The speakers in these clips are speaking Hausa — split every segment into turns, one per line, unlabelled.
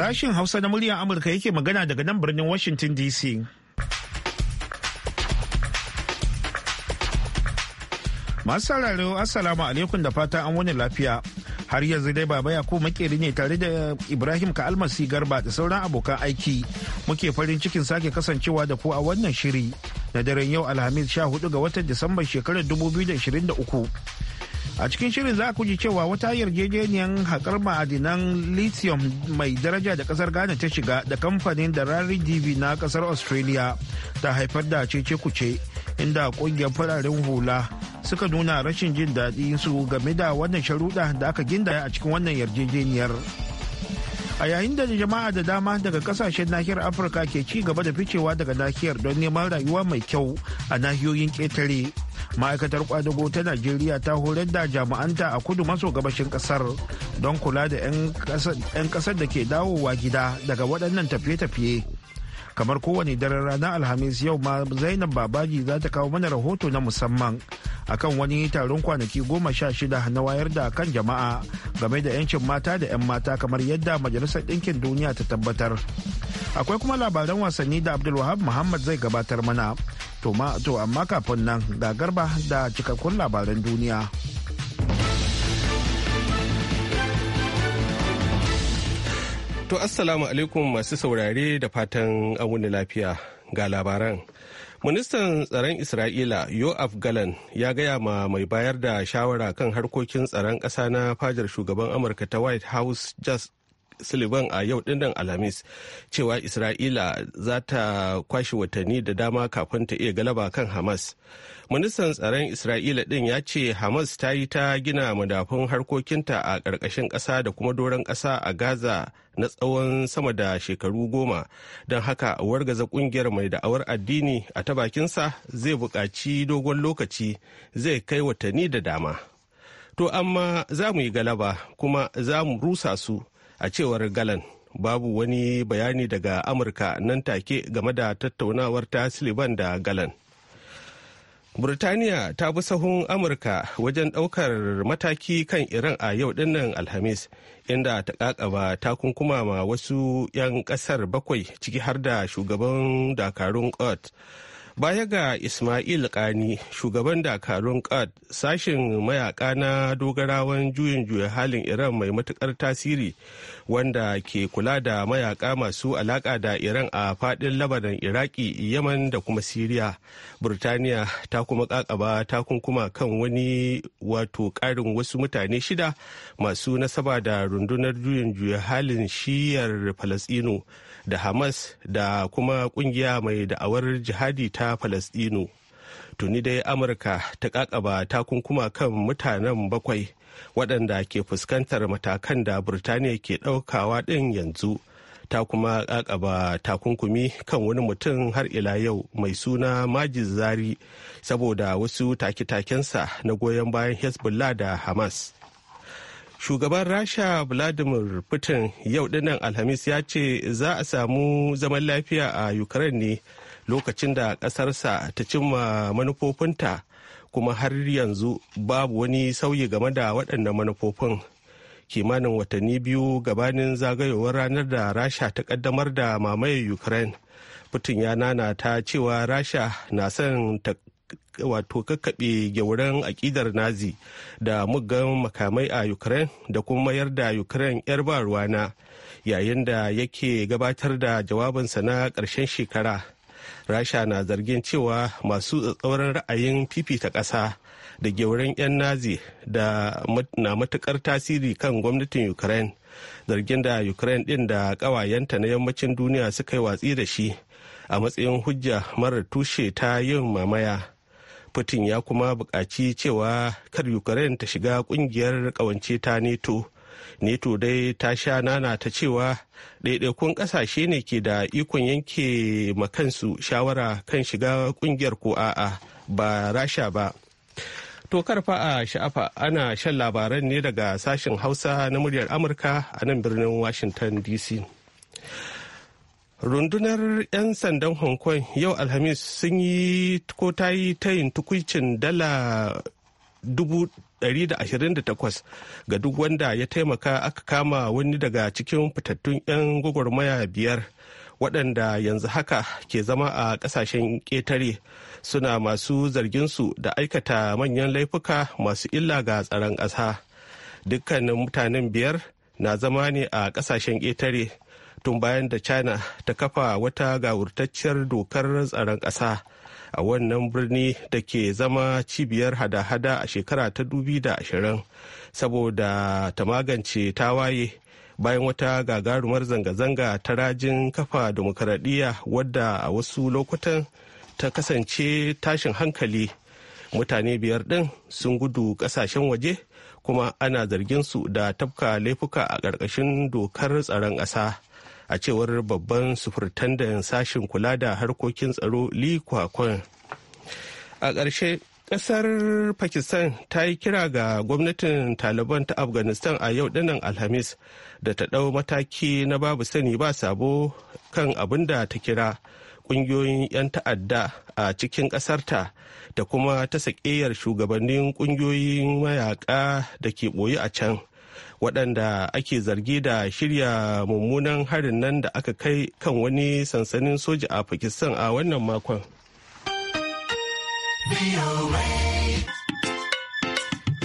Sashin Hausa na muryar Amurka yake magana daga nan birnin Washington DC. Masu sauraro Assalamu alaikum da fata an wani lafiya. Har yanzu dai Baba ya Yakubu makeri ne tare da Ibrahim Ka'almasi Garba da sauran abokan aiki. Muke farin cikin sake kasancewa da ku a wannan shiri na daren yau Alhamis 14 ga watan Disamban shekarar 2023. a cikin shirin za ku ji cewa wata yarjejeniyar haƙar ma'adinan lithium mai daraja da ƙasar ghana ta shiga da kamfanin da rari dv na ƙasar australia ta haifar da cece kuce inda ƙungiyar fararen hula suka nuna rashin jin daɗi su game da wannan sharuɗa da aka ginda a cikin wannan yarjejeniyar a yayin da jama'a da dama daga kasashen nahiyar afirka ke ci gaba da ficewa daga nahiyar don neman rayuwa mai kyau a nahiyoyin ƙetare ma'aikatar kwadago ta najeriya ta horar da jami'anta a kudu maso gabashin kasar don kula da 'yan kasar da ke dawowa gida daga waɗannan tafiye-tafiye kamar kowane daren ranar alhamis yau ma zainab babaji za ta kawo mana rahoto na musamman akan wani taron kwanaki goma sha shida na wayar da kan jama'a game da 'yancin mata da 'yan mata kamar yadda majalisar ɗinkin duniya ta tabbatar akwai kuma labaran wasanni da abdulwahab muhammad zai gabatar mana To amma kafin nan ga garba da cikakkun labaran duniya.
To assalamu alaikum masu saurare da fatan wuni lafiya ga labaran. Ministan tsaron Isra'ila Yoav Galan ya gaya ma mai bayar da shawara kan harkokin tsaron ƙasa na fajar shugaban Amurka ta White House sullivan a yau dindin alhamis cewa isra'ila za ta kwashe watanni da dama kafin ta iya galaba kan hamas ministan tsaron isra'ila din ya ce hamas ta yi ta gina madafun harkokinta a ƙarƙashin ƙasa da kuma doron ƙasa a gaza na tsawon sama da shekaru goma don haka wargaza ƙungiyar mai da'awar addini a ta bakinsa zai buƙaci dogon lokaci zai kai watanni da dama to amma za mu yi galaba kuma za mu rusa su a cewar galan babu wani bayani daga amurka nan take game da tattaunawar ta sullivan da galan Burtaniya ta bi sahun Amurka wajen ɗaukar mataki kan Iran a yau dinnan Alhamis, inda ta kakaba takunkuma ma wasu 'yan ƙasar bakwai ciki har da shugaban dakarun ot baya ga ismail kani shugaban dakarun kad sashen mayaka na dogarawan juyin juya halin iran mai matukar tasiri wanda ke kula da mayaka masu alaka da iran a fadin labanan iraki yaman da kuma siriya burtaniya ta kuma kakaba takunkuma kan wani wato karin wasu mutane shida masu nasaba da rundunar juyin juya halin shiyar falasino da hamas da kuma kungiya mai da'awar jihadi ta falasɗinu tuni dai amurka ta kakaba takunkuma kan mutanen bakwai waɗanda ke fuskantar matakan da burtaniya ke ɗaukawa ɗin yanzu ta kuma kakaba takunkumi kan wani mutum har ila yau mai suna majizari zari saboda wasu take-takensa na goyon bayan hezbollah da hamas shugaban rasha vladimir putin yau dinnan alhamis ya ce za a samu zaman lafiya a ukraine ne lokacin da ƙasarsa ta cimma manufofinta kuma har yanzu babu wani sauyi game da waɗannan manufofin kimanin watanni biyu gabanin zagayowar ranar da rasha ta ƙaddamar da mamaye ukraine putin ya nana ta cewa rasha na son ta wato kakkaɓe gyauran aƙidar nazi da muggan makamai a ukraine da kuma mayar da ukraine 'yar ba ruwana yayin da yake gabatar da jawabinsa na ƙarshen shekara rasha na zargin cewa masu tsatsauran ra'ayin fifita ƙasa da gyauran 'yan nazi da na matukar tasiri kan gwamnatin ukraine zargin da ukraine ɗin da ƙawayenta na yammacin duniya suka yi watsi da shi a matsayin hujja marar tushe ta yin mamaya putin ya kuma buƙaci cewa kar ukraine ta shiga ƙungiyar ƙawance ta neto neto dai ta sha nana ta cewa ɗaiɗaikun ƙasashe ne ke da ikon yanke makansu shawara kan shiga ƙungiyar ko a'a ba rasha ba to karfa a sha'afa ana shan labaran ne daga sashen hausa na muryar amurka a nan birnin washington dc rundunar 'yan sandan hong kong yau alhamis sun yi ko ta yi tayin tukuicin dala 128 ga duk wanda ya taimaka aka kama wani daga cikin fitattun 'yan gwagwarmaya biyar waɗanda yanzu haka ke zama a ƙasashen ƙetare suna masu zarginsu da aikata manyan laifuka masu illa ga tsaron ƙasa dukkanin mutanen biyar na zama ne a ƙasashen ƙetare tun bayan da china ta kafa wata gawurtacciyar dokar tsaron ƙasa a wannan birni da ke zama cibiyar hada-hada a shekara ta dubi da ashirin saboda ta magance tawaye bayan wata gagarumar zanga-zanga ta rajin kafa demokaradiyya wadda a wasu lokutan ta kasance tashin hankali mutane biyar ɗin sun gudu ƙasashen waje kuma ana zargin su da tafka laifuka a ƙarƙashin dokar tsaron ƙasa a cewar babban sufurtandan sashin kula da harkokin tsaro li a ƙarshe ƙasar pakistan ta yi kira ga gwamnatin taliban ta afghanistan a yau dinnan alhamis da ta ɗau mataki na babu sani ba sabo kan abin da ta kira ƙungiyoyin 'yan ta'adda a cikin ƙasarta da kuma ta saƙiyar shugabannin ƙungiyoyin mayaƙa da ke ɓoye a can waɗanda ake zargi da shirya mummunan harin nan da aka kai kan wani sansanin soja a pakistan a wannan
makon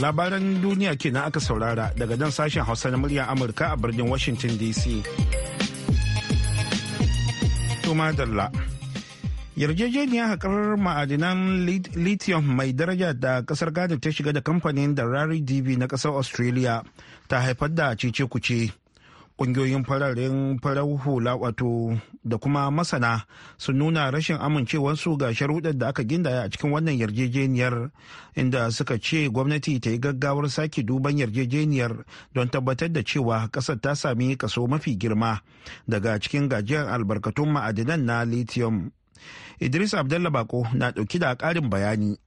labaran duniya kenan aka saurara daga nan sashen hausa na murya amurka a birnin washington dc to yarjejeniyar haƙar ma'adinan lithium mai daraja da ƙasar gada ta shiga da kamfanin da rari dv na ƙasar australia ta haifar da cece kuce ƙungiyoyin fararen farar hula wato da kuma masana sun nuna rashin amincewarsu ga sharuɗar da aka gindaya a cikin wannan yarjejeniyar inda suka ce gwamnati ta yi gaggawar sake duban yarjejeniyar don tabbatar da cewa ƙasar ta sami kaso mafi girma daga cikin gajiyar albarkatun ma'adinan na lithium Idris Abdallah Bako na ɗauki da ƙarin bayani.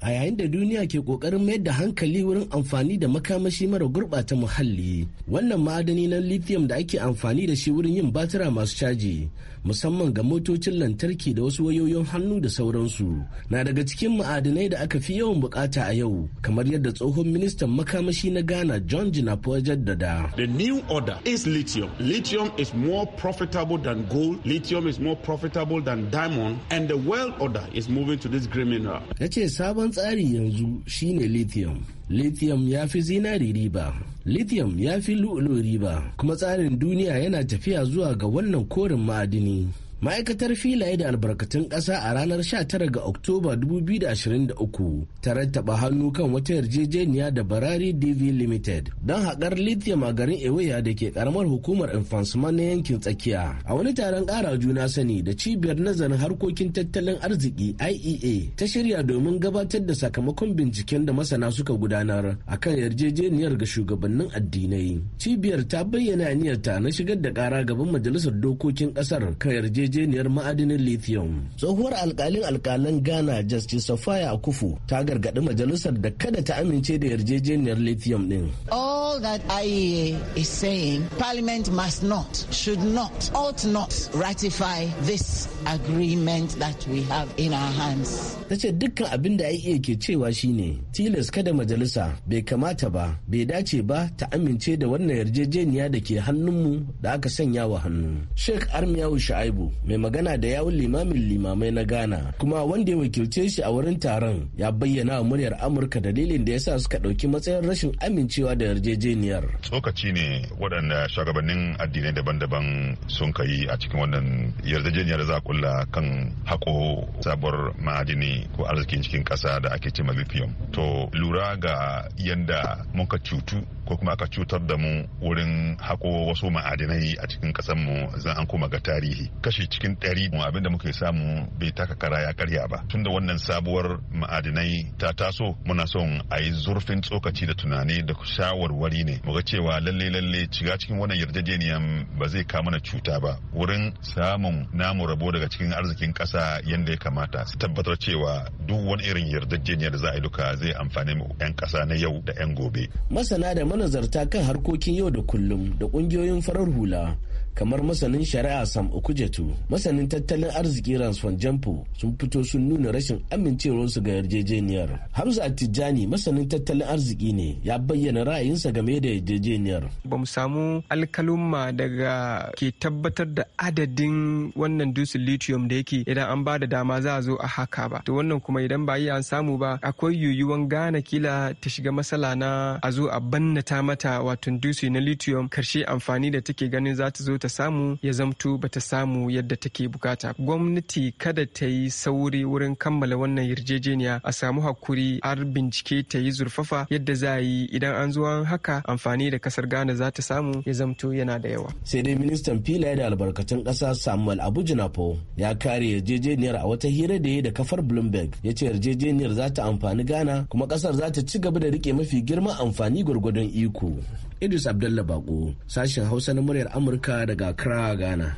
A yayin da duniya ke ƙoƙarin mayar da
hankali wurin amfani da makamashi mara gurɓata muhalli, wannan ma'adani na lithium da ake amfani da shi wurin yin batira masu caji musamman ga motocin lantarki da wasu wayoyin hannu da sauransu na daga cikin ma'adinai da aka fi yawan bukata a yau kamar yadda tsohon ministan makamashi na ghana john jinapo ya jaddada the new order is lithium
lithium is more profitable than gold lithium is more profitable than diamond and the world order is moving to this green mineral
yace sabon tsari yanzu shine lithium lithium ya fi zinari riba lithium ya fi lu'ulu riba kuma tsarin duniya yana tafiya zuwa ga wannan korin ma'adini ma'aikatar filaye da albarkatun ƙasa a ranar 19 ga oktoba 2023 ta rattaba hannu kan wata yarjejeniya da barari dv limited don haƙar lithium a garin ewaya da ke karamar hukumar infansman na yankin tsakiya a wani taron ƙara juna sani da cibiyar nazarin harkokin tattalin arziki iea ta shirya domin gabatar da sakamakon binciken da masana suka gudanar akan yarjejeniyar ga shugabannin addinai cibiyar ta bayyana niyyarta na shigar da ƙara gaban majalisar dokokin ƙasar kan yarjejeniyar yarjejeniyar ma'adinin lithium. Tsohuwar alkalin alkalan Ghana Justice Sophia Akufu ta gargaɗi majalisar da kada ta amince da yarjejeniyar lithium ɗin
All that IEA is saying parliament must not, should not, ought not ratify this agreement that we have in our hands. Ta
ce dukkan abin da IEA ke cewa shine tilas kada majalisa bai kamata ba, bai dace ba ta amince da wannan yarjejeniya da ke hannunmu da aka sanya wa hannu. Sheikh Armiyawu Sha'aibu mai magana da yawun limamin limamai na ghana kuma wanda ya wakilce shi a wurin taron ya bayyana wa muryar amurka dalilin da ya sa suka ɗauki matsayin rashin amincewa da yarjejeniyar
tsokaci ne waɗanda shugabannin addinai daban-daban sun kai a cikin wannan yarjejeniyar za kula kulla kan haƙo sabuwar ma'adini ko arzikin cikin ƙasa da ake ce lithium to lura ga yadda muka cutu ko kuma aka cutar da mu wurin hako wasu ma'adinai a cikin ƙasar mu zan an koma ga tarihi kashi cikin ɗari abin da muke samu bai taka kara ya karya ba tunda wannan sabuwar ma'adinai ta taso muna son a yi zurfin tsokaci da tunani da shawarwari ne muga cewa lalle lalle shiga cikin wannan yarjejeniyan ba zai kama mana cuta ba wurin samun namu rabo daga cikin arzikin ƙasa yadda ya kamata su tabbatar cewa duk wani irin yarjejeniyar da za a yi duka zai amfani mu 'yan ƙasa na yau da 'yan gobe
masana da manazarta kan harkokin yau da kullum da ƙungiyoyin farar hula kamar masanin shari'a sam okujetu masanin tattalin arziki ransfon jampo sun fito sun nuna rashin amincewarsu ga yarjejeniyar hamza tijjani masanin tattalin arziki ne ya bayyana ra'ayinsa game da yarjejeniyar ba mu samu alkalumma
daga ke tabbatar da adadin wannan dusin lithium da yake idan an ba da dama za a zo a haka ba to wannan kuma idan ba yi an samu ba akwai yiwuwan gane kila ta shiga matsala na a zo a bannata mata wato dusi na lithium karshe amfani da take ganin za ta zo bata ta samu ya zamto bata samu yadda take bukata gwamnati kada ta yi sauri wurin kammala wannan yarjejeniya a samu hakuri har bincike ta yi zurfafa yadda za a yi idan an zuwa haka amfani da kasar ghana za ta samu ya zamto yana da yawa
sai dai ministan filaye da albarkatun ƙasa samuel abujinafo ya kare yarjejeniyar a wata hira da ya da kafar bloomberg ya ce yarjejeniyar za ta amfani ghana kuma ƙasar za ta ci gaba da rike mafi girman amfani gwargwadon iko Idris Abdullah Bako, sashen Hausa na muryar
Amurka daga Accra, Ghana.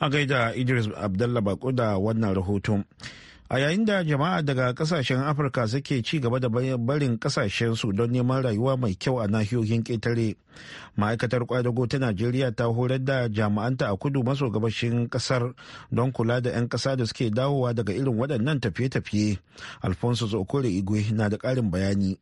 A gaida Idris Abdullah Bako da wannan rahoton. A yayin da jama'a daga kasashen Afirka suke ci gaba da barin su don neman rayuwa mai kyau a nahiyoyin ƙetare. Ma'aikatar kwadago ta Najeriya ta horar da jami'anta a kudu maso gabashin kasar don kula da 'yan ƙasa da suke dawowa daga irin waɗannan tafiye-tafiye. Alfonso Okore Igwe na da ƙarin bayani.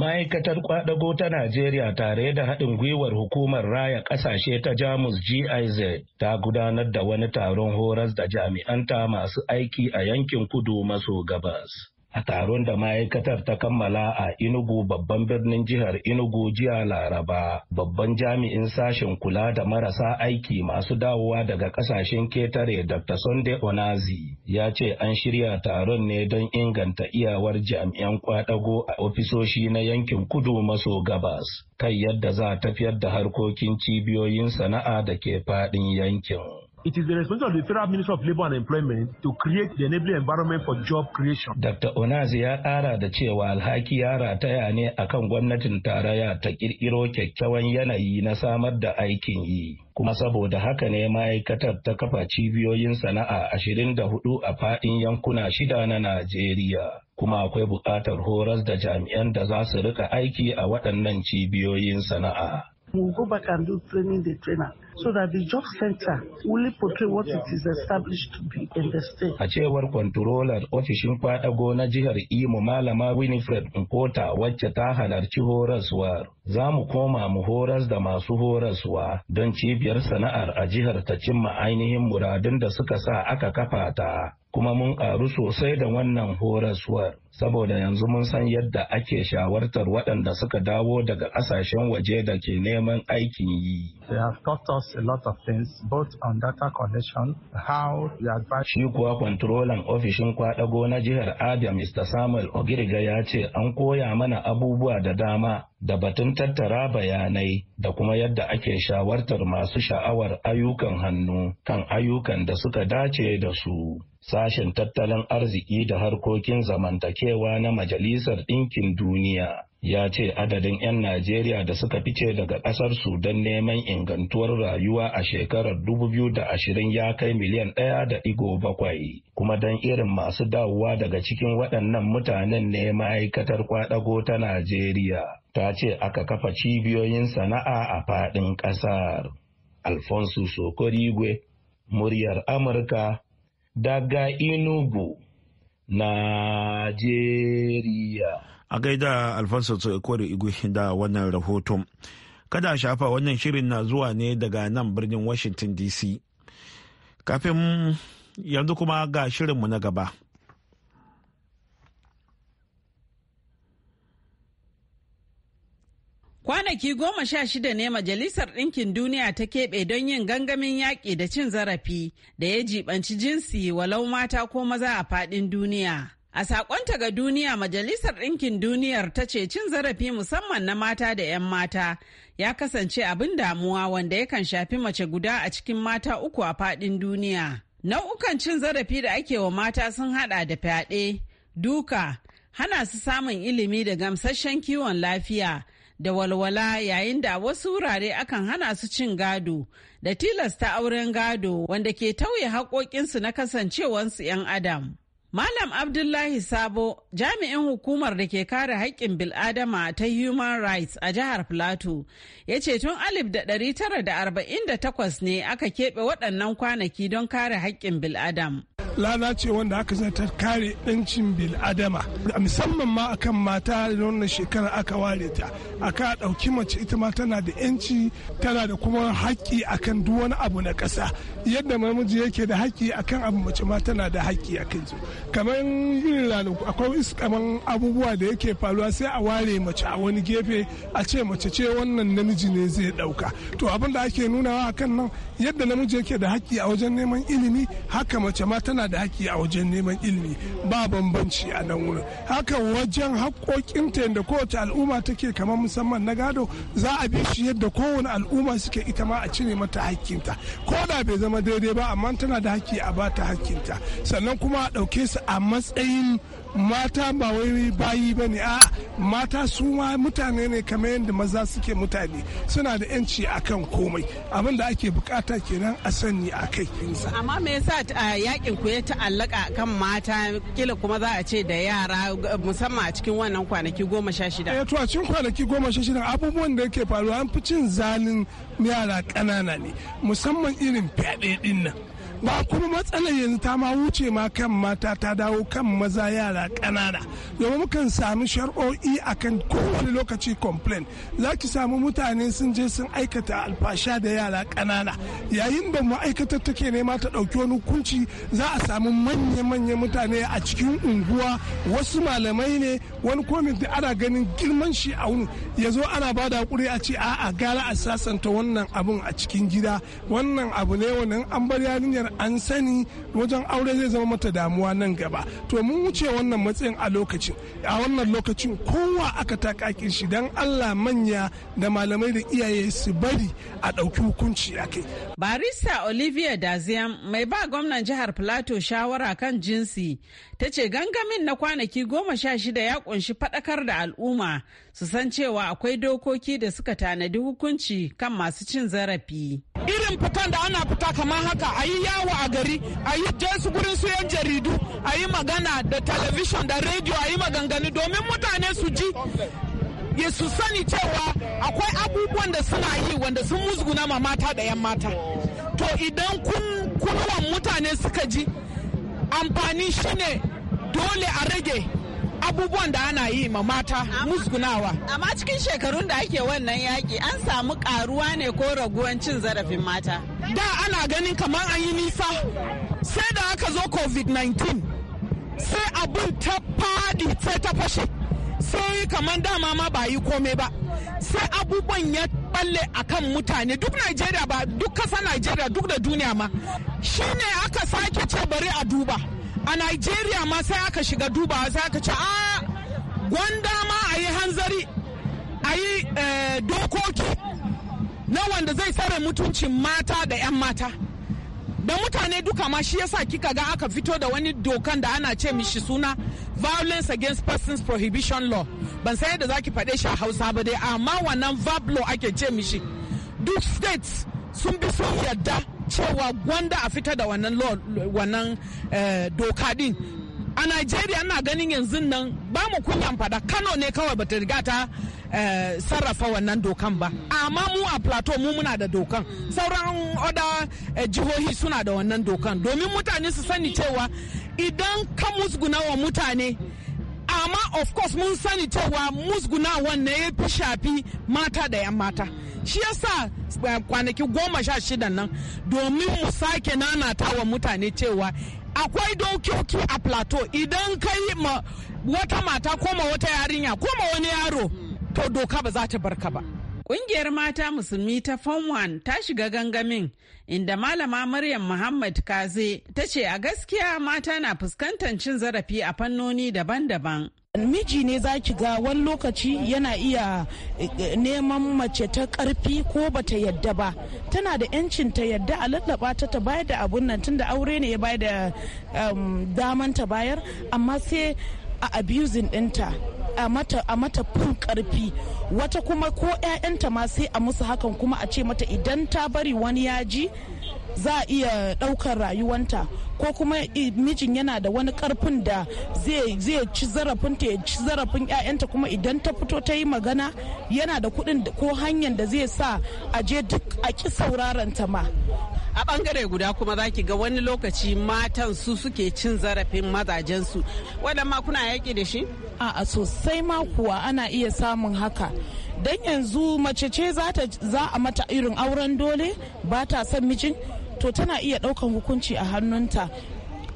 Ma'aikatar kwadago ta Najeriya tare da haɗin gwiwar hukumar raya ƙasashe ta Jamus GIZ ta gudanar da wani taron horas da jami'anta masu aiki a yankin kudu maso gabas. a taron da ma'aikatar ta kammala a Inugu babban birnin jihar Inugu jiya Laraba. Babban jami'in sashen kula da marasa aiki masu dawowa daga kasashen ketare Dr. Sunday Onazi ya ce an shirya taron ne don inganta iyawar jami'an kwadago a ofisoshi na yankin kudu maso gabas kai yadda za a tafiyar da harkokin cibiyoyin sana'a da ke faɗin yankin. It is the responsibility of the Federal Ministry of Labour and Employment to create the enabling environment for job creation. Dr. Onazi ya kara da cewa alhaki ya rataya ne akan gwamnatin tarayya ta ƙirƙiro kyakkyawan yanayi na samar da aikin yi. Kuma saboda haka ne ma'aikatar ta kafa cibiyoyin sana'a ashirin da hudu a faɗin yankuna shida na Najeriya. Kuma akwai buƙatar horas da jami'an da za su rika aiki a waɗannan cibiyoyin sana'a. We'll go back and do training the trainer so that the job center will portray what it is established to be in the state. A cewar kwantarolar ofishin kwaɗago na jihar Imo Malama Winifred Nkota wacce ta halarci horaswar. Za mu koma mu horas da masu horaswa don cibiyar sana'ar a jihar ta cimma ainihin muradun da suka sa aka kafa ta. Kuma mun karu sosai da wannan horaswar. saboda yanzu mun san yadda ake shawartar waɗanda suka dawo daga ƙasashen waje da ke neman aikin yi. a Shi kuwa kwantrolan ofishin kwaɗago na jihar Abia Mr. Samuel Ogiriga ya ce an koya mana abubuwa da dama da batun tattara bayanai da kuma yadda ake shawartar masu sha'awar ayyukan hannu kan ayyukan da suka dace da su. Sashen tattalin arziki da harkokin zamantake zamantakewa na Majalisar Ɗinkin Duniya. ya ce adadin 'yan Najeriya da suka fice daga ƙasar su don neman ingantuwar rayuwa a shekarar 2020 ya kai miliyan ɗaya da ɗigo bakwai kuma don irin masu dawowa daga cikin waɗannan mutanen ne ma'aikatar kwaɗago ta Najeriya ta ce aka kafa cibiyoyin sana'a a faɗin ƙasar. Alfonso Sokorigwe, muryar Amurka, daga
Inugu, Najeriya. A gaida Alfonso Tsoekwari Igwe da wannan rahoton. Kada shafa wannan shirin na zuwa ne daga nan birnin Washington DC. Kafin yanzu kuma ga shirinmu na gaba.
Kwanaki goma sha shida ne Majalisar Ɗinkin Duniya ta keɓe don yin gangamin yaƙi da cin zarafi da ya jibanci jinsi walau mata ko maza a faɗin duniya. A ta ga duniya Majalisar Ɗinkin Duniyar ta ce cin zarafi musamman na mata da 'yan mata ya kasance abin damuwa wanda yakan shafi mace guda a cikin mata uku a faɗin duniya. Nau'ukan cin zarafi da ake wa mata sun haɗa da fyaɗe, duka, hana su samun ilimi da gamsasshen kiwon lafiya. da walwala yayin da wasu wurare akan hana su cin gado da tilasta auren gado wanda ke tauye haƙoƙinsu na kasancewansu 'yan adam. Malam Abdullahi Sabo jami'in hukumar da ke kare haƙƙin bil'adama ta Human Rights a jihar Plateau ya ce tun 1948 ne aka keɓe waɗannan kwanaki don kare haƙƙin bil'adam.
Lana ce wanda aka zata kare ɗancin bil'adama musamman ma akan mata da wannan shekara aka ware ta aka ɗauki mace ita ma tana da yanci tana da kuma haƙƙi akan duk wani abu na ƙasa yadda namiji yake da haƙƙi akan abu mace ma tana da haƙƙi akan su kamar irin ranaku akwai kamar abubuwa da yake faruwa sai a ware mace a wani gefe a ce mace ce wannan namiji ne zai dauka to abin da ake nunawa a kan nan yadda namiji yake da haƙƙi a wajen neman ilimi haka mace ma tana da haƙƙi a wajen neman ilimi ba bambanci a nan wurin haka wajen ta yadda kowace al'umma take kamar musamman na gado za a bi shi yadda kowane al'umma suke ita ma a cire mata haƙƙinta ko da bai zama daidai ba amma tana da haƙƙi a ba ta haƙƙinta sannan kuma a ɗauke su a matsayin mata ba wai bayi ba ne a mata su ma mutane ne kamar yadda maza suke mutane suna da yanci kan komai abin da ake bukata kenan a sani a kai
amma me yasa yakin ku ya ta'allaka kan mata kila kuma za a ce da yara musamman a cikin wannan kwanaki goma sha shida eh
to a kwanaki goma sha shida abubuwan da yake faruwa an fi cin zalin yara ƙanana ne musamman irin fyaɗe ɗin nan ba kuma matsalar yanzu ta ma wuce ma kan mata ta dawo kan maza yara ƙanana domin mukan sami shar'o'i akan kowane lokaci complain za ki samu mutane sun je sun aikata alfasha da yara ƙanana yayin da ma'aikatar take nema ta ɗauki wani hukunci za a samu manya-manya mutane a cikin unguwa wasu malamai ne wani komin da ana ganin girman shi a wuni ya zo ana ba da hakuri a ce a'a gara a sasanta wannan abun a cikin gida wannan abu ne wannan an bar yarinyar an sani wajen aure zai zama mata damuwa nan gaba to mun wuce wannan matsayin a lokacin a wannan lokacin kowa aka takakin shi don Allah manya da malamai da iyaye su bari a ɗauki hukunci a
kai. Barista Olivia Daziam mai ba gwamnan jihar Plateau shawara kan jinsi ta ce gangamin na kwanaki goma sha shida ya kunshi faɗakar da al'umma su san cewa akwai dokoki da suka tanadi hukunci kan masu cin zarafi. Irin fitan da ana fita kamar haka a yi yawo a gari, a yi su gurin su yan jaridu,
a yi magana da talabishin da rediyo a yi maganganu domin mutane su ji ya su sani cewa akwai abubuwan da suna yi wanda sun musguna ma mata da 'yan mata. To idan kunnuwan mutane suka ji amfani
shine dole a rage abubuwan da ana yi ma mata musgunawa. Amma cikin shekarun da ake wannan yaƙi an samu ƙaruwa ne ko raguwan cin zarafin mata. Da ana ganin kamar an yi nisa sai da aka zo COVID-19
sai abun ta fadi sai ta fashe sai kamar dama ma ba yi komai ba sai abubuwan ya balle a kan mutane duk Najeriya ba duk kasa Najeriya duk da duniya ma shine aka sake ce bari a duba. a Najeriya ma sai aka shiga duba sai aka ce a ah, gwanda ma a yi hanzari a yi eh, dokoki na wanda zai tsare mutuncin mata da 'yan mata da mutane duka ma shi yasa kika ga aka fito da wani dokan da ana ce mishi suna violence against persons prohibition law ban san yadda zaki faɗe shi a hausa ba dai amma wannan vab law ake ce mishi duk states sun bi sun yarda cewa gwanda a fita da wannan eh, doka din a Najeriya ana ganin yanzu nan ba mu kunyan fada Kano ne kawai bata riga ta eh, sarrafa wannan dokan ba amma mu a plateau mu muna da dokan sauran oda eh, jihohi suna da wannan dokan domin mutane su sani cewa idan ka musguna wa mutane amma of course mun sani cewa musgunawan ne ya fi shafi mata da 'yan mata. shi yasa eh, kwanaki goma sha shidan nan domin mu sake nanata wa mutane cewa akwai dokoki
a plateau idan kai ma wata mata koma wata yarinya koma wani yaro to doka ba za ta barka ba Ƙungiyar mata musulmi ta Form ta shiga gangamin inda malama Maryam Muhammad Kaze ta ce a gaskiya mata na fuskantar cin zarafi a fannoni daban-daban.
miji ne za ki ga wani lokaci yana iya eh, eh, neman mace ta karfi ko bata yadda ba tana da yancin ta yadda a lallaba ta ta bayar da abun nan tunda aure ne ya bayar da um, daman ta bayar amma sai a abusing ɗinta a mata a karfi wata kuma ko 'ya'yanta ma sai a musu hakan kuma a ce mata idan ta bari wani ya ji za a iya ɗaukar rayuwanta ko kuma mijin yana da wani karfin da zai ci ta ya ci zarafin 'ya'yanta kuma idan ta fito ta yi magana yana da kuɗin ko hanyar da zai sa a je duk a ki sauraron ta
ma a bangare guda kuma za ki ga wani lokaci matan su suke cin zarafin mazajen su wannan ma kuna yaƙi da shi a sosai ma kuwa ana iya samun
haka dan yanzu mace ce za a mata irin auren dole ba ta son mijin to tana iya ɗaukan hukunci a hannunta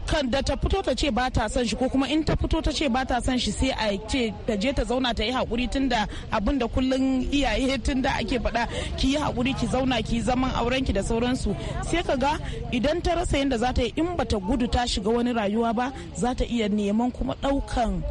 kan da ta fito ta ce ba ta son shi ko kuma in ta fito ta ce ba ta son shi sai a ce ta je ta zauna ta yi haƙuri tunda abin da kullun iyaye tunda ake faɗa ki yi haƙuri ki zauna ki zaman auren ki da sauransu sai ka ga idan ta rasa yadda za ta yi in ba ta gudu ta shiga wani rayuwa ba za ta iya neman kuma daukan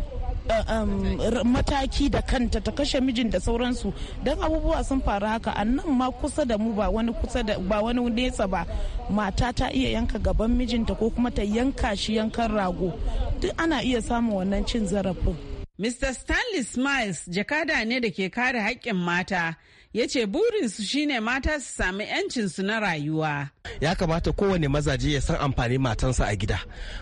Um, mataki da kanta ta kashe mijin da sauransu don abubuwa sun faru haka a nan ma kusa da mu ba wani kusa da ba wani nesa ba mata ta iya yanka gaban mijinta ko kuma ta yanka shi yankan rago
duk ana iya samun wannan cin zarafin Mr. Stanley Smiles jakada ne da ke kare haƙƙin mata ya ce burinsu shine mata su sami 'yancinsu na rayuwa.
ya kamata kowane mazaje ya san amfani matansa a gida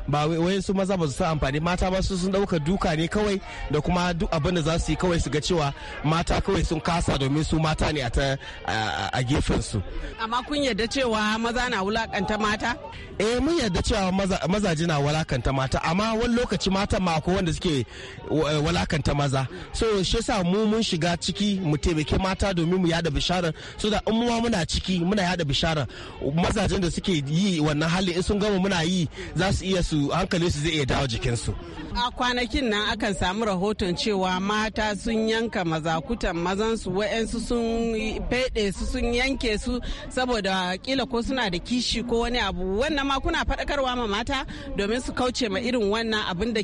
ba wai su maza ba su san amfani mata ba su sun dauka duka ne kawai da kuma duk abin da za su yi kawai su ga cewa mata kawai sun kasa domin su mata ne a gefen su
amma kun yarda cewa maza na wulakanta
mata eh mun yarda cewa mazaje na wulakanta mata amma wani lokaci mata ma ko wanda suke wulakanta maza so shi yasa mu mun shiga ciki mu taimake mata domin mu yada bishara so da in muna ciki muna yada bishara maza gidajen da suke yi wannan hali in sun gama muna yi za su iya su hankali su zai iya dawo jikinsu
a kwanakin nan akan samu rahoton cewa mata sun yanka mazakutan mazansu wa'yansu sun fede su sun yanke su saboda kila ko suna da kishi ko wani abu wannan ma kuna fadakarwa ma mata domin su kauce ma irin wannan abin da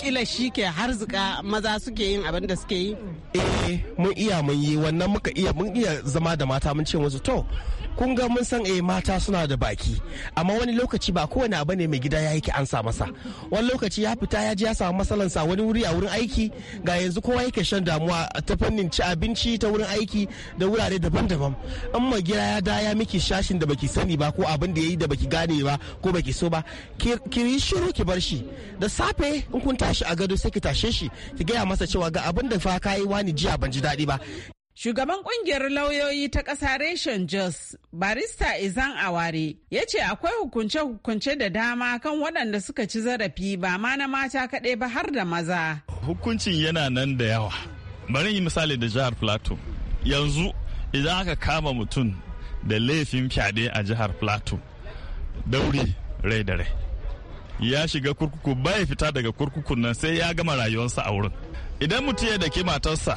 kila shi ke harzuka maza suke yin abin da suke yi
eh mun iya mun yi wannan muka iya mun iya zama da mata mun ce musu to kun ga mun san eh mata suna da baki amma wani lokaci ba kowane abu ne mai gida ya yake an sa masa wani lokaci ya fita ya je ya samu matsalansa wani wuri a wurin aiki ga yanzu kowa yake shan damuwa ta fannin ci abinci ta wurin aiki da wurare daban-daban in ma gida ya da ya miki shashin da baki sani ba ko abin da yayi da baki gane ba ko baki so ba ki yi shiru ki bar shi da
safe in kun tashi a gado sai ki tashe shi ki gaya masa cewa ga abin da fa kayi wani jiya ban ji daɗi ba Shugaban kungiyar lauyoyi ta ƙasa reshen Jos, barista Izan Aware, ya ce akwai hukunce-hukunce da dama kan waɗanda suka ci zarafi ba ma na mata kaɗai ba har da maza.
Hukuncin yana nan da yawa. Bari yi misali da jihar Plateau. Yanzu idan aka kama mutum da laifin fyaɗe a jihar Plateau, daure rai da rai. Ya shiga kurkuku ya fita daga kurkukun nan sai ya gama rayuwarsa a wurin. Idan mutum ya daki matarsa,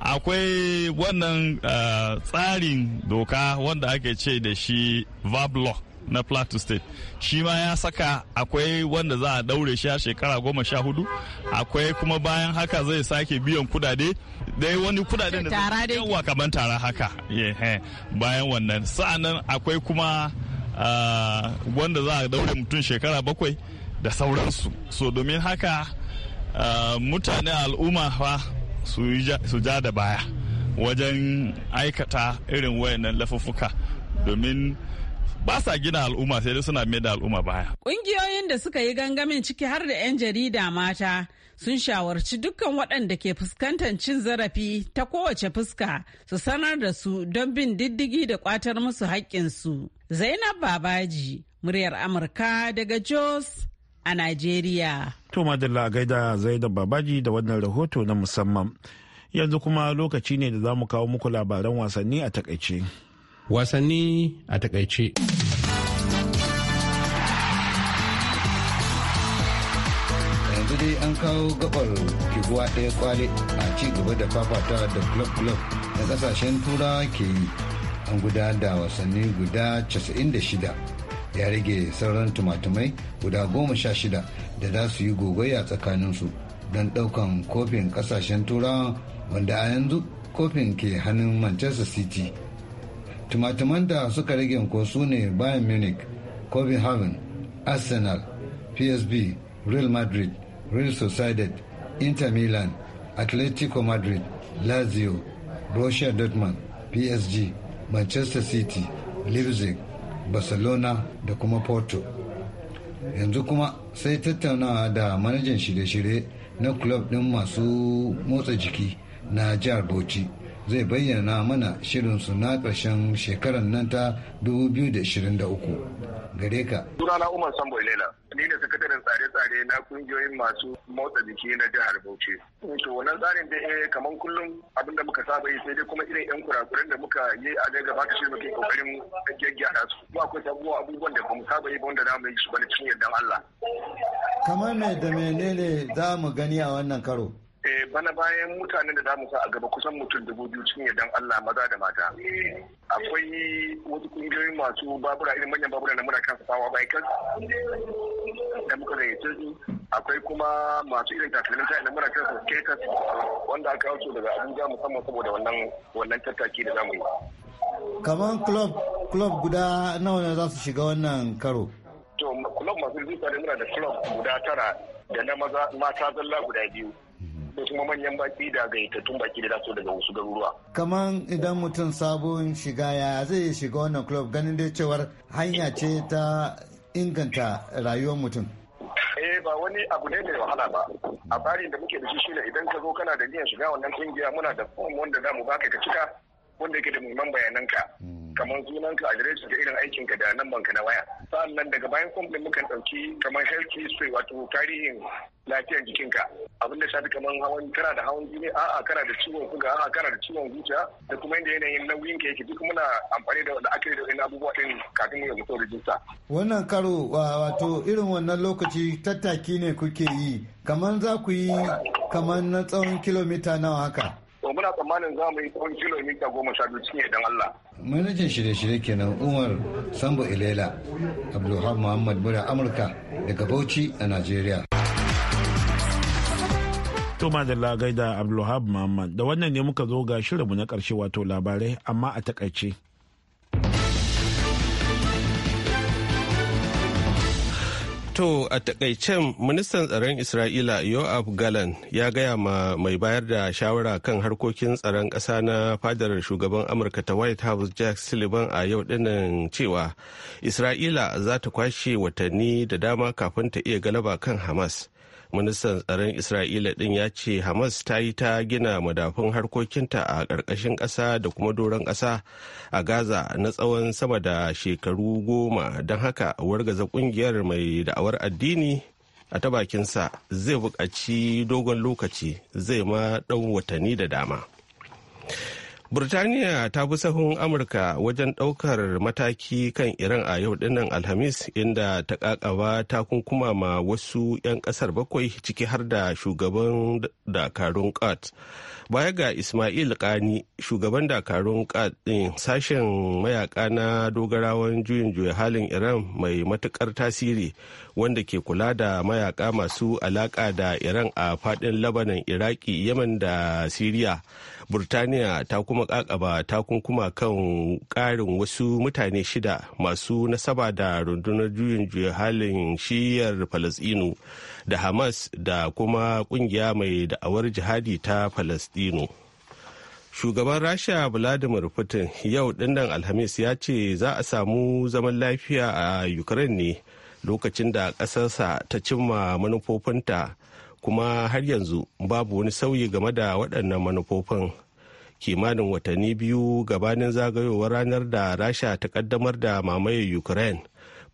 akwai wannan eh, tsarin doka wanda ake ce da shi Vablo na plateau state shi ma ya saka akwai wanda za a daure shi a shekara goma sha hudu akwai kuma bayan haka zai sake biyan kudade dai wani kudade da yawa kamar tara haka bayan wannan sa'annan akwai kuma eh, wanda za a daure mutum shekara bakwai da sauransu so domin haka eh, mutane al'umma fa su ja da baya wajen aikata irin wayannan lafuffuka domin ba sa gina al'umma sai dai suna mai da al'umma baya.
Ƙungiyoyin da suka yi gangamin ciki har da 'yan jarida mata sun shawarci dukkan waɗanda ke fuskantar cin zarafi ta kowace fuska su sanar da su don bin diddigi da ƙwatar musu haƙƙinsu. Zainab Babaji, muryar Amurka daga Jos a Najeriya.
To Madalla gaida Zainab Babaji da wannan rahoto na musamman. Yanzu kuma lokaci ne da za mu kawo muku labaran wasanni a takaice.
Wasanni
a takaice.
Yanzu dai an kawo gabar kiguwa ɗaya kwale a ci gaba da fafata da club club na ƙasashen turawa ke yi. An gudanar da wasanni guda 96. ya rage sauran tumatumai guda goma sha shida da za su yi gogoya tsakaninsu don ɗaukan kofin ƙasashen turawa wanda a yanzu kofin ke hannun manchester city tumatuman da suka rage ko su ne bayern munich copenhagen arsenal psb real madrid real sociedad inter milan atletico madrid lazio borussia dortmund psg manchester city leipzig barcelona da kuma porto yanzu kuma sai tattaunawa da manajan shirye-shirye na club ɗin masu motsa jiki na jihar bauchi zai bayyana mana shirinsu na ƙarshen shekarar nan ta 2023 gare ka.
Sunana Umar Sambo lela ni ne sakataren tsare-tsare na kungiyoyin masu motsa jiki na jihar Bauchi. To wannan tsarin da eh kamar kullum abin da muka saba yi sai dai kuma irin yan kurakuren da muka yi a daga gabata shi muke kokarin gyaggyara
su. Ba akwai sabuwa abubuwan da mu saba yi ba wanda mu yi su bane cikin yardan Allah. Kamar me da menene za mu gani a wannan karo?
Eh, bana bayan mutanen da damu sa a gaba kusan mutum dubu biyu cikin yardan Allah maza da mata. Akwai wasu kungiyoyin masu babura irin manyan babura na muna kan sawa bikers da muka gayyace su. Akwai kuma masu irin takalmin tayi na muna kan su wanda aka kawo daga Abuja musamman saboda wannan wannan tattaki da zamu yi.
Kaman club club guda nawa ne za su shiga wannan karo?
To club masu zuwa da muna da club guda tara da na mata zalla guda biyu. da kuma manyan baki da gaitattun baki da za su daga wasu garuruwa.
Kaman idan mutum sabon shiga ya zai shiga wannan club ganin dai cewar hanya ce ta inganta rayuwar mutum.
eh ba wani abu ne mai wahala ba a barin da muke da shi shine idan ka zo kana da niyyar shiga wannan kungiya muna da form wanda za mu baka ka cika wanda yake da muhimman bayananka hmm. kamar sunanka adireshin da irin aikinka da nan banka na waya nan, daga bayan kwamfani mukan ɗauki kamar health history wato tarihin lafiyar jikinka abin da shafi kamar hawan kana da hawan jini a'a kana da ciwon kuga a'a kana da ciwon zuciya da kuma yadda yanayin nauyin ka yake duk muna amfani da la'akari da wani abubuwa ɗin kafin ya mutu rijista.
wannan karo wato irin wannan lokaci tattaki ne kuke yi kamar za ku yi kamar na tsawon kilomita nawa haka. muna
tsammanin za mu yi tsawon kilomita goma sha biyu cikin idan Allah.
Manajan shirye-shirye kenan Umar Sambo Ilela Abdulhab Muhammad Bura Amurka daga Bauchi a Najeriya. To madalla gaida Abdulhab Muhammad da wannan ne muka
zo ga shirin mu na karshe wato labarai amma a takaice.
To a takaicen ministan tsaron Isra'ila Yoav Galan ya gaya ma mai bayar da shawara kan harkokin tsaron ƙasa na fadar shugaban Amurka ta White House Jack Sullivan a yau dinnan cewa Isra'ila za ta kwashe watanni da dama kafin ta iya galaba kan Hamas. ministan tsaron isra'ila din ya ce hamas ta yi ta gina madafun harkokinta a ƙarƙashin ƙasa da kuma doron ƙasa a gaza na tsawon sama da shekaru goma don haka wargaza ƙungiyar mai da'awar addini a ta bakinsa zai buƙaci dogon lokaci zai ma ɗan watanni da dama Burtaniya ta fi sahun Amurka wajen ɗaukar mataki kan Iran a yau dinnan Alhamis inda ta kakaba takunkuma ma wasu 'yan ƙasar bakwai ciki har da shugaban dakarun kat Baya ga Ismail Kani shugaban dakarun kat ɗin sashen mayaka na dogarawan juyin juya halin Iran mai matuƙar tasiri wanda ke kula da mayaka masu alaƙa da Iran a faɗin Labanan, Iraki, Yemen da Siriya. burtaniya ta kuma kakaba ta takunkuma kan karin wasu mutane shida masu nasaba da rundunar juyin juya halin shiyar falasdino da hamas da kuma kungiya mai da'awar jihadi ta falasdino shugaban rasha vladimir putin yau dindan alhamis ya ce za a samu zaman lafiya a ukraine ne lokacin da ƙasarsa ta cimma manufofinta kuma har yanzu babu wani sauyi game da waɗannan manufofin kimanin watanni biyu gabanin zagayowar ranar da rasha ta ƙaddamar da mamaye ukraine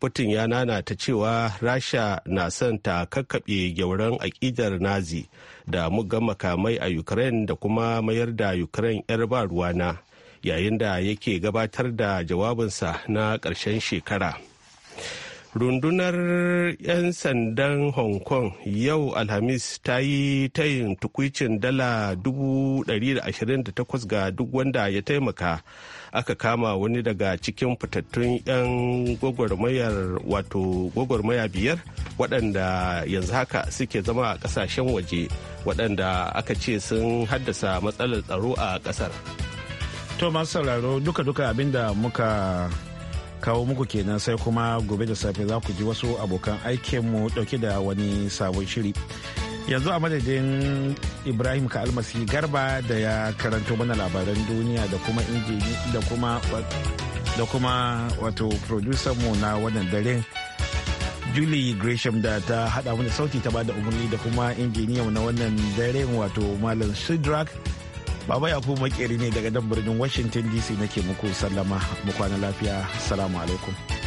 putin ya nana ta cewa rasha na son ta kakkaɓe gyauran aƙidar nazi da muggan makamai a ukraine da kuma mayar da ukraine 'yar ba ruwana yayin da yake gabatar da jawabinsa na ƙarshen shekara. rundunar 'yan sandan hong kong yau alhamis ta yi tayin tukwicin dala 128 ga duk wanda ya taimaka aka kama wani daga cikin fitattun 'yan gwagwarmayar wato gwagwarmaya biyar waɗanda yanzu haka suke zama a ƙasashen waje waɗanda aka ce sun haddasa matsalar tsaro a ƙasar.
to masu sauraro duka-duka abinda muka kawo muku kenan sai kuma gobe da safe za ku ji wasu abokan aikinmu dauke da wani sabon shiri yanzu a madadin ibrahim ka almasi garba da ya karanto mana labaran duniya da kuma da kuma da kuma wato producer mu na wannan dare julie gresham da ta hada mana sauti ta bada umarni da kuma injiniya na wannan dare wato malam sidrak Baba Yakubu makeri ne daga dan birnin Washington DC nake muku sallama mu kwana lafiya. salamu alaikum.